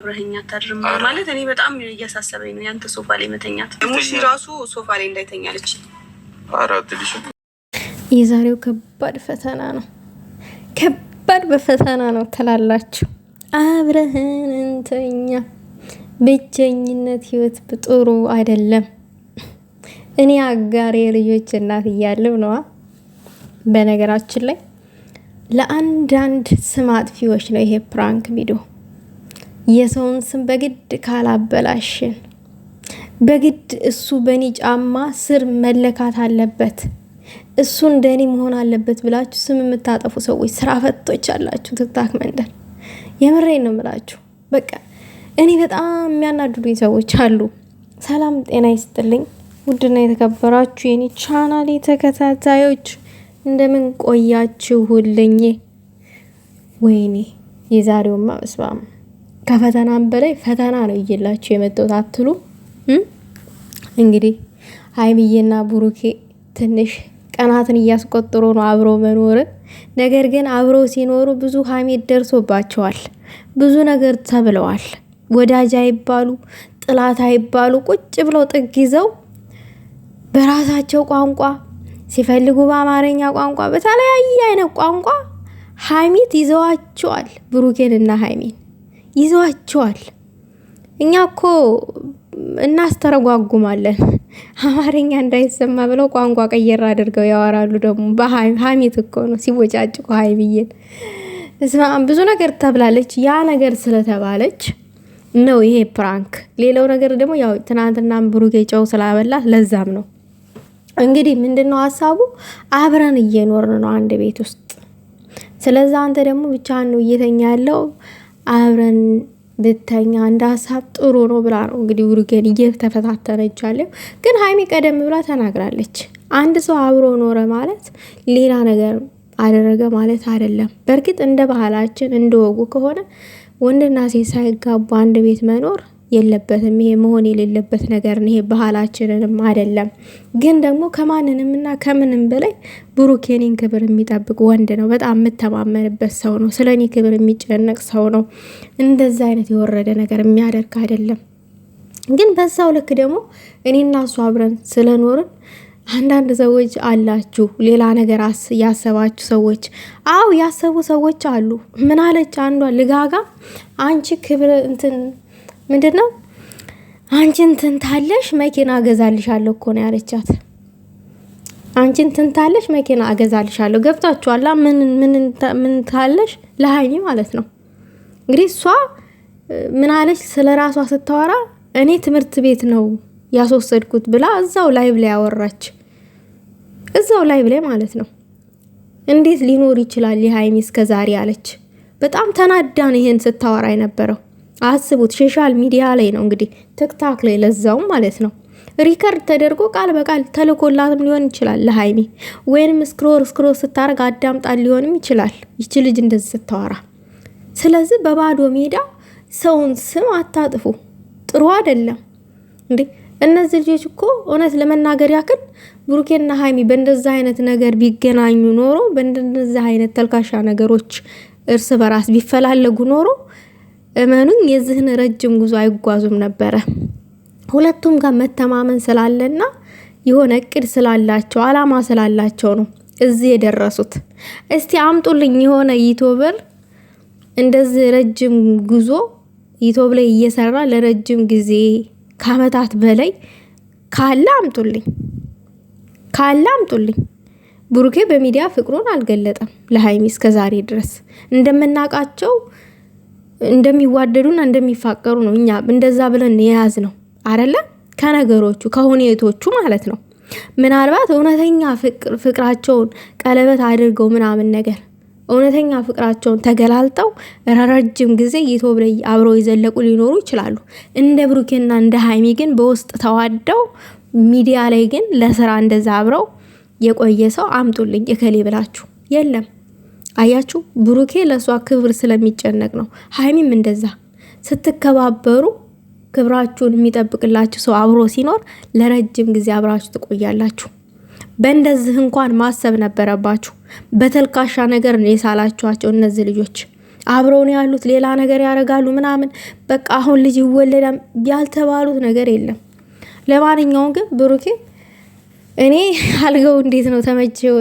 አብረኸኝ አታድርም ማለት እኔ በጣም እያሳሰበኝ ነው ያንተ ሶፋ ላይ መተኛት። ሙሽ ራሱ ሶፋ ላይ እንዳይተኛለች። የዛሬው ከባድ ፈተና ነው፣ ከባድ በፈተና ነው ትላላችሁ። አብረህን እንተኛ። ብቸኝነት ህይወት ጥሩ አይደለም። እኔ አጋር ልጆች እናት እያለሁ ነዋ። በነገራችን ላይ ለአንዳንድ ስም አጥፊዎች ነው ይሄ ፕራንክ ቪዲዮ የሰውን ስም በግድ ካላበላሽን በግድ እሱ በእኔ ጫማ ስር መለካት አለበት እሱ እንደ እኔ መሆን አለበት ብላችሁ ስም የምታጠፉ ሰዎች ስራ ፈቶች አላችሁ። ትክታክ መንደር የምሬ ነው ምላችሁ በቃ እኔ በጣም የሚያናድዱኝ ሰዎች አሉ። ሰላም ጤና ይስጥልኝ። ውድና የተከበራችሁ የኔ ቻናል ተከታታዮች እንደምን ቆያችሁልኝ? ወይኔ የዛሬውማ በስመ አብ ከፈተናም በላይ ፈተና ነው እየላችሁ የመጣሁት አትሉ እንግዲህ ሀይሚዬና ብሩኬ ትንሽ ቀናትን እያስቆጠሩ ነው አብሮ መኖር ነገር ግን አብረው ሲኖሩ ብዙ ሀሜት ደርሶባቸዋል። ብዙ ነገር ተብለዋል። ወዳጅ አይባሉ፣ ጥላት አይባሉ ቁጭ ብለው ጥግ ይዘው በራሳቸው ቋንቋ ሲፈልጉ በአማርኛ ቋንቋ፣ በተለያየ አይነት ቋንቋ ሀሚት ይዘዋቸዋል ብሩኬንና ሀይሜን። ይዟቸዋል። እኛ እኮ እናስተረጓጉማለን አማርኛ እንዳይሰማ ብለው ቋንቋ ቀየር አድርገው ያወራሉ። ደግሞ ሀሚት እኮ ነው ሲወጫጭቁ ሀይ ብዬን ብዙ ነገር ተብላለች። ያ ነገር ስለተባለች ነው ይሄ ፕራንክ። ሌላው ነገር ደግሞ ያው ትናንትና ብሩጌ ጨው ስላበላ ለዛም ነው እንግዲህ ምንድን ነው ሀሳቡ፣ አብረን እየኖርን ነው አንድ ቤት ውስጥ። ስለዛ አንተ ደግሞ ብቻህን ነው እየተኛ ያለው አብረን ብተኛ እንደ ሀሳብ ጥሩ ነው ብላ ነው እንግዲህ ኡሩጌን እየተፈታተነች ግን ሀይሚ ቀደም ብላ ተናግራለች። አንድ ሰው አብሮ ኖረ ማለት ሌላ ነገር አደረገ ማለት አይደለም። በእርግጥ እንደ ባህላችን እንደ ወጉ ከሆነ ወንድና ሴት ሳይጋቡ አንድ ቤት መኖር የለበትም። ይሄ መሆን የሌለበት ነገር ነው። ይሄ ባህላችንንም አይደለም። ግን ደግሞ ከማንንም እና ከምንም በላይ ብሩክ የኔን ክብር የሚጠብቅ ወንድ ነው። በጣም የምተማመንበት ሰው ነው። ስለ እኔ ክብር የሚጨነቅ ሰው ነው። እንደዛ አይነት የወረደ ነገር የሚያደርግ አይደለም። ግን በዛው ልክ ደግሞ እኔና እሱ አብረን ስለኖርን አንዳንድ ሰዎች አላችሁ፣ ሌላ ነገር ያሰባችሁ ሰዎች። አዎ ያሰቡ ሰዎች አሉ። ምን አለች አንዷ ልጋጋ አንቺ ክብር እንትን ምንድን ነው አንቺን ትንታለሽ መኪና አገዛልሻለሁ እኮ ነው ያለቻት። አንቺን ትንታለሽ መኪና አገዛልሻለሁ። ገብታችኋላ? ምን ታለሽ ለሀይኒ ማለት ነው። እንግዲህ እሷ ምን አለች ስለ ራሷ ስታወራ፣ እኔ ትምህርት ቤት ነው ያስወሰድኩት ብላ እዛው ላይ ላይ ያወራች፣ እዛው ላይ ላይ ማለት ነው። እንዴት ሊኖር ይችላል የሀይኒ እስከ ዛሬ አለች። በጣም ተናዳ ነው ይሄን ስታወራ የነበረው። አስቡት ሶሻል ሚዲያ ላይ ነው እንግዲህ ትክታክ ላይ ለዛውም ማለት ነው። ሪከርድ ተደርጎ ቃል በቃል ተልኮላትም ሊሆን ይችላል ለሀይሚ ወይንም ስክሮር ስክሮር ስታደርግ አዳምጣ ሊሆንም ይችላል ይቺ ልጅ እንደዚህ ስታወራ። ስለዚህ በባዶ ሜዳ ሰውን ስም አታጥፉ፣ ጥሩ አይደለም እንዴ። እነዚህ ልጆች እኮ እውነት ለመናገር ያክል ብሩኬና ሀይሚ በእንደዛ አይነት ነገር ቢገናኙ ኖሮ በእንደዚህ አይነት ተልካሻ ነገሮች እርስ በራስ ቢፈላለጉ ኖሮ እመኑኝ የዚህን ረጅም ጉዞ አይጓዙም ነበረ። ሁለቱም ጋር መተማመን ስላለና የሆነ እቅድ ስላላቸው አላማ ስላላቸው ነው እዚህ የደረሱት። እስቲ አምጡልኝ የሆነ ዩቱበር እንደዚህ ረጅም ጉዞ ዩቱብ ላይ እየሰራ ለረጅም ጊዜ ከአመታት በላይ ካለ አምጡልኝ፣ ካለ አምጡልኝ። ብሩኬ በሚዲያ ፍቅሩን አልገለጠም ለሀይሚ እስከ ዛሬ ድረስ እንደምናውቃቸው እንደሚዋደዱና እንደሚፋቀሩ ነው። እኛ እንደዛ ብለን የያዝ ነው አደለ? ከነገሮቹ ከሁኔቶቹ ማለት ነው። ምናልባት እውነተኛ ፍቅራቸውን ቀለበት አድርገው ምናምን ነገር እውነተኛ ፍቅራቸውን ተገላልጠው ረረጅም ጊዜ ብለ አብረው የዘለቁ ሊኖሩ ይችላሉ። እንደ ብሩኬና እንደ ሀይሚ ግን በውስጥ ተዋደው ሚዲያ ላይ ግን ለስራ እንደዛ አብረው የቆየ ሰው አምጡልኝ እከሌ ብላችሁ የለም። አያችሁ፣ ብሩኬ ለእሷ ክብር ስለሚጨነቅ ነው። ሀይሚም እንደዛ ስትከባበሩ ክብራችሁን የሚጠብቅላችሁ ሰው አብሮ ሲኖር ለረጅም ጊዜ አብራችሁ ትቆያላችሁ። በእንደዚህ እንኳን ማሰብ ነበረባችሁ። በተልካሻ ነገር የሳላችኋቸው እነዚህ ልጆች አብረውን ያሉት ሌላ ነገር ያደርጋሉ ምናምን፣ በቃ አሁን ልጅ ይወለዳም ያልተባሉት ነገር የለም። ለማንኛውም ግን ብሩኬ እኔ አልገው እንዴት ነው ተመቸው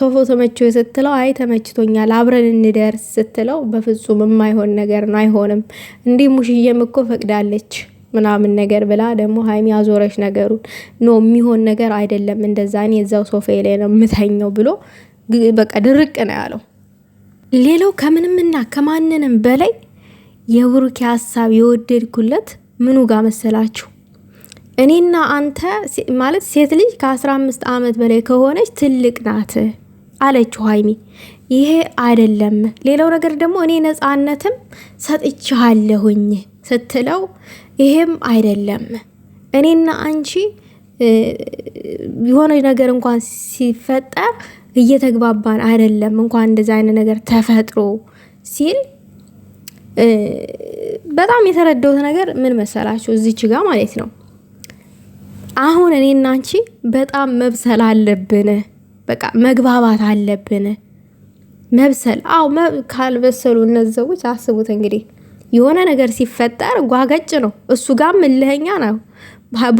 ሶፎ ተመቸው ስትለው አይ ተመችቶኛል፣ አብረን እንደርስ ስትለው በፍጹም የማይሆን ነገር ነው፣ አይሆንም። እንዲህ ሙሽዬም እኮ ፈቅዳለች ምናምን ነገር ብላ ደግሞ ሀይሚ አዞረች ነገሩን። ኖ የሚሆን ነገር አይደለም እንደዛ፣ እኔ እዛው ሶፋ ላይ ነው የምተኘው ብሎ በቃ ድርቅ ነው ያለው። ሌላው ከምንምና ከማንንም በላይ የብሩኬ ሀሳብ የወደድኩለት ምኑ ጋር መሰላችሁ? እኔና አንተ ማለት ሴት ልጅ ከአስራ አምስት ዓመት በላይ ከሆነች ትልቅ ናት አለችው ሀይሚ። ይሄ አይደለም። ሌላው ነገር ደግሞ እኔ ነፃነትም ሰጥቻለሁኝ ስትለው ይሄም አይደለም። እኔና አንቺ የሆነ ነገር እንኳን ሲፈጠር እየተግባባን አይደለም፣ እንኳን እንደዚ አይነት ነገር ተፈጥሮ ሲል በጣም የተረዳሁት ነገር ምን መሰላችሁ? እዚች ጋር ማለት ነው አሁን እኔ አንቺ በጣም መብሰል አለብን። በቃ መግባባት አለብን። መብሰል አው ካልበሰሉ እነዚህ ሰዎች አስቡት እንግዲህ የሆነ ነገር ሲፈጠር ጓገጭ ነው። እሱ ጋር እልኸኛ ነው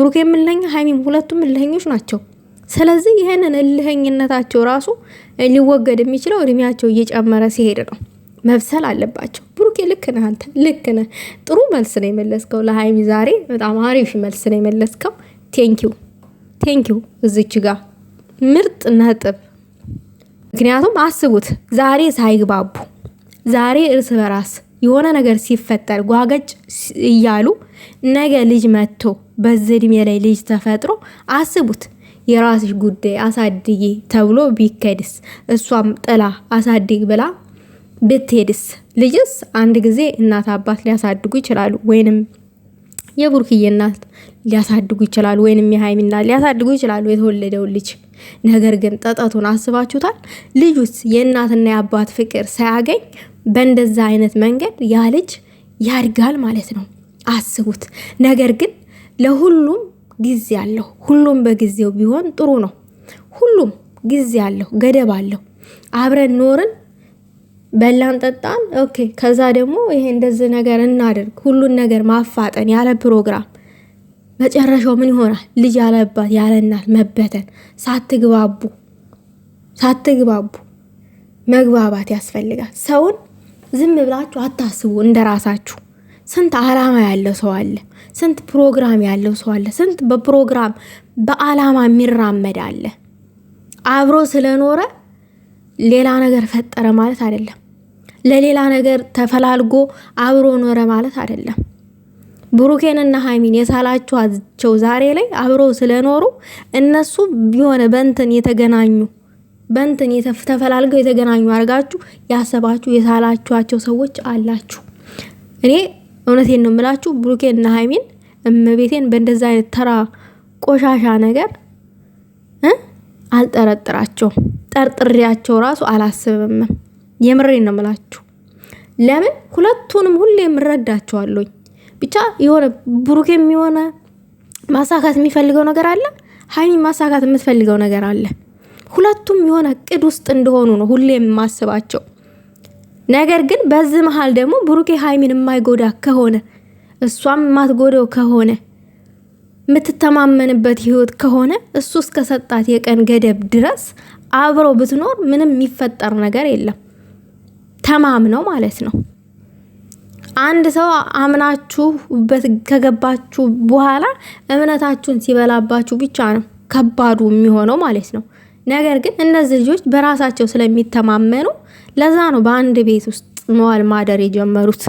ብሩኬ፣ እልኸኛ ሀይሚም፣ ሁለቱም እልኸኞች ናቸው። ስለዚህ ይህንን እልህኝነታቸው ራሱ ሊወገድ የሚችለው እድሜያቸው እየጨመረ ሲሄድ ነው። መብሰል አለባቸው። ብሩኬ ልክ ነህ አንተ፣ ልክ ነህ። ጥሩ መልስ ነው የመለስከው ለሀይሚ ዛሬ። በጣም አሪፍ መልስ ነው የመለስከው። ቴንኪው ቴንኪው እዚች ጋ ምርጥ ነጥብ። ምክንያቱም አስቡት ዛሬ ሳይግባቡ ዛሬ እርስ በራስ የሆነ ነገር ሲፈጠር ጓገጭ እያሉ ነገ ልጅ መጥቶ በዚህ እድሜ ላይ ልጅ ተፈጥሮ አስቡት የራስሽ ጉዳይ አሳድጊ ተብሎ ቢከድስ እሷም ጥላ አሳድግ ብላ ብትሄድስ? ልጅስ አንድ ጊዜ እናት አባት ሊያሳድጉ ይችላሉ ወይንም የቡርክዬ እናት ሊያሳድጉ ይችላሉ፣ ወይንም የሀይሚ እናት ሊያሳድጉ ይችላሉ የተወለደውን ልጅ። ነገር ግን ጠጠቱን አስባችሁታል? ልጁስ የእናትና የአባት ፍቅር ሳያገኝ በእንደዛ አይነት መንገድ ያ ልጅ ያድጋል ማለት ነው። አስቡት። ነገር ግን ለሁሉም ጊዜ አለው። ሁሉም በጊዜው ቢሆን ጥሩ ነው። ሁሉም ጊዜ አለው፣ ገደብ አለው። አብረን ኖርን በላን ጠጣን። ኦኬ ከዛ ደግሞ ይሄ እንደዚህ ነገር እናደርግ ሁሉን ነገር ማፋጠን ያለ ፕሮግራም መጨረሻው ምን ይሆናል? ልጅ ያለባት እናት መበተን፣ ሳትግባቡ ሳትግባቡ መግባባት ያስፈልጋል። ሰውን ዝም ብላችሁ አታስቡ፣ እንደ ራሳችሁ። ስንት አላማ ያለው ሰው አለ፣ ስንት ፕሮግራም ያለው ሰው አለ፣ ስንት በፕሮግራም በአላማ የሚራመድ አለ አብሮ ስለኖረ ሌላ ነገር ፈጠረ ማለት አይደለም። ለሌላ ነገር ተፈላልጎ አብሮ ኖረ ማለት አይደለም። ብሩኬንና ሀይሚን የሳላችኋቸው ዛሬ ላይ አብሮ ስለኖሩ እነሱ የሆነ በንትን የተገናኙ በንትን ተፈላልገው የተገናኙ አድርጋችሁ ያሰባችሁ የሳላችኋቸው ሰዎች አላችሁ። እኔ እውነቴን ነው የምላችሁ ብሩኬንና ሀይሚን እመቤቴን በእንደዚ አይነት ተራ ቆሻሻ ነገር አልጠረጥራቸውም። ጠርጥሬያቸው ራሱ አላስብም። የምሬ ነው ምላችሁ። ለምን ሁለቱንም ሁሌም እረዳቸዋለኝ። ብቻ የሆነ ብሩክ የሚሆነ ማሳካት የሚፈልገው ነገር አለ፣ ሀይሚ ማሳካት የምትፈልገው ነገር አለ። ሁለቱም የሆነ እቅድ ውስጥ እንደሆኑ ነው ሁሌም የማስባቸው። ነገር ግን በዚህ መሀል ደግሞ ብሩኬ ሀይሚን የማይጎዳ ከሆነ እሷም የማትጎደው ከሆነ የምትተማመንበት ህይወት ከሆነ እሱ እስከ ሰጣት የቀን ገደብ ድረስ አብሮ ብትኖር ምንም የሚፈጠር ነገር የለም። ተማምነው ማለት ነው። አንድ ሰው አምናችሁበት ከገባችሁ በኋላ እምነታችሁን ሲበላባችሁ ብቻ ነው ከባዱ የሚሆነው ማለት ነው። ነገር ግን እነዚህ ልጆች በራሳቸው ስለሚተማመኑ ለዛ ነው በአንድ ቤት ውስጥ መዋል ማደር የጀመሩት።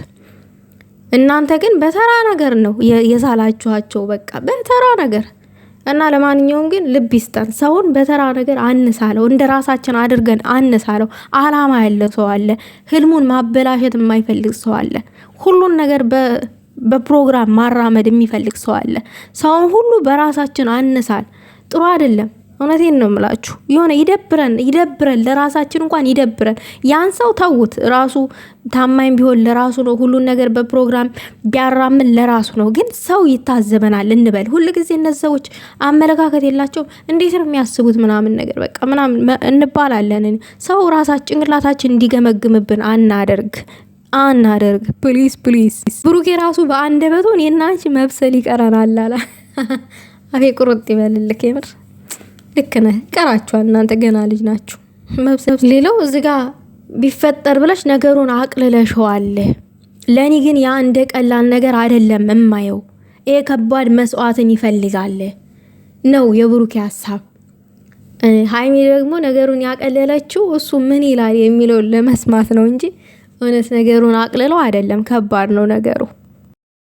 እናንተ ግን በተራ ነገር ነው የሳላችኋቸው፣ በቃ በተራ ነገር እና ለማንኛውም ግን ልብ ይስጠን። ሰውን በተራ ነገር አንሳለው፣ እንደ ራሳችን አድርገን አንሳለው። አላማ ያለ ሰው አለ፣ ህልሙን ማበላሸት የማይፈልግ ሰው አለ፣ ሁሉን ነገር በፕሮግራም ማራመድ የሚፈልግ ሰው አለ። ሰውን ሁሉ በራሳችን አንሳል፣ ጥሩ አይደለም። እውነቴን ነው ምላችሁ። የሆነ ይደብረን ይደብረን፣ ለራሳችን እንኳን ይደብረን። ያን ሰው ተውት ራሱ ታማኝ ቢሆን ለራሱ ነው። ሁሉን ነገር በፕሮግራም ቢያራምን ለራሱ ነው። ግን ሰው ይታዘበናል እንበል። ጊዜ እነዚህ ሰዎች አመለካከት የላቸውም። እንዴት ነው የሚያስቡት ምናምን ነገር በቃ ምናምን እንባላለን። ሰው ራሳችን ጭንቅላታችን እንዲገመግምብን አናደርግ አናደርግ ፕሊስ ፕሊስ። ብሩኬ ራሱ በአንደበቱ እኔና አንቺ መብሰል ይቀረናል አላ። አፌ ቁርጥ ይበልልክ የምር ልክ ነህ። ቀራችኋል። እናንተ ገና ልጅ ናችሁ። ሌላው እዚ ጋ ቢፈጠር ብለሽ ነገሩን አቅልለሸዋለ። ለእኔ ግን ያ እንደ ቀላል ነገር አይደለም እማየው። ይሄ ከባድ መስዋዕትን ይፈልጋል ነው የብሩኬ ሀሳብ። ሀይሚ ደግሞ ነገሩን ያቀለለችው እሱ ምን ይላል የሚለውን ለመስማት ነው እንጂ እውነት ነገሩን አቅልለው አይደለም። ከባድ ነው ነገሩ።